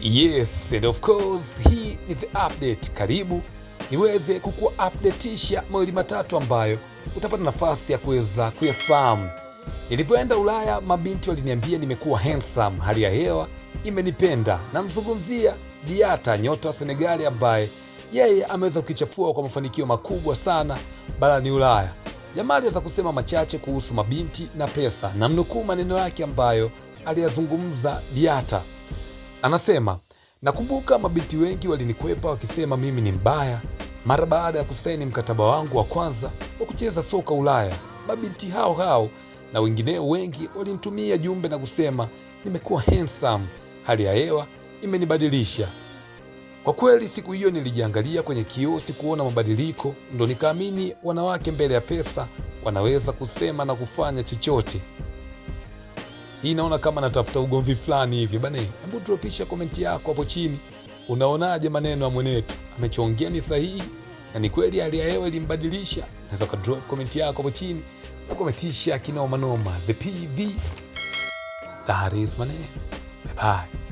Yes, and of course, hii ni the update. Karibu niweze kukuwa updateisha mawili matatu ambayo utapata nafasi ya kuweza kuyafahamu. Nilivyoenda Ulaya, mabinti waliniambia nimekuwa handsome, hali ya hewa imenipenda. Namzungumzia Diata, nyota wa Senegali, ambaye yeye ameweza kukichafua kwa mafanikio makubwa sana barani Ulaya. Jamaa aliweza kusema machache kuhusu mabinti na pesa, na mnukuu maneno yake ambayo aliyazungumza Diata. Anasema, nakumbuka mabinti wengi walinikwepa wakisema mimi ni mbaya. Mara baada ya kusaini mkataba wangu wa kwanza wa kucheza soka Ulaya, mabinti hao hao na wengineo wengi walinitumia jumbe na kusema nimekuwa handsome, hali ya hewa imenibadilisha. Kwa kweli siku hiyo nilijiangalia kwenye kioo, sikuona mabadiliko, ndo nikaamini wanawake mbele ya pesa wanaweza kusema na kufanya chochote. Hii naona kama natafuta ugomvi fulani hivi bana. Hebu dropisha komenti yako hapo chini, unaonaje maneno ya mwenetu? amechongea ni sahihi na ni kweli hali ya hewa ilimbadilisha? Naweza ka drop komenti yako hapo chini na komentisha kinomanoma. The PV, that is my name. Bye bye.